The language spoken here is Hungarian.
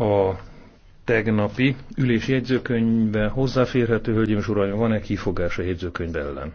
a tegnapi ülési jegyzőkönyvben hozzáférhető, hölgyeim és uraim, van-e kifogás a jegyzőkönyv ellen?